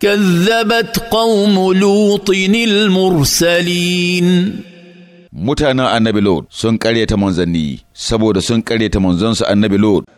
كذبت قوم لوط المرسلين متانا النبي لوط سن قرية منزني سبو سن قرية منزنس النبي لوط